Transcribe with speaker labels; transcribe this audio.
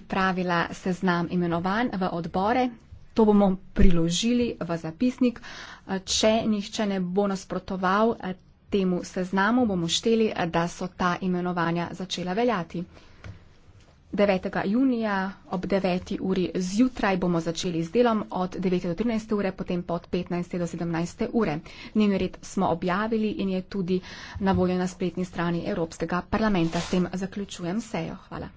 Speaker 1: pripravila seznam imenovanj v odbore. To bomo priložili v zapisnik. Če nihče ne bo nasprotoval eh, temu seznamu, bomo šteli, eh, da so ta imenovanja začela veljati. 9. junija ob 9. uri zjutraj bomo začeli z delom od 9. do 13. ure, potem pa od 15. do 17. ure. Njen red smo objavili in je tudi na voljo na spletni strani Evropskega parlamenta. S tem zaključujem sejo. Hvala.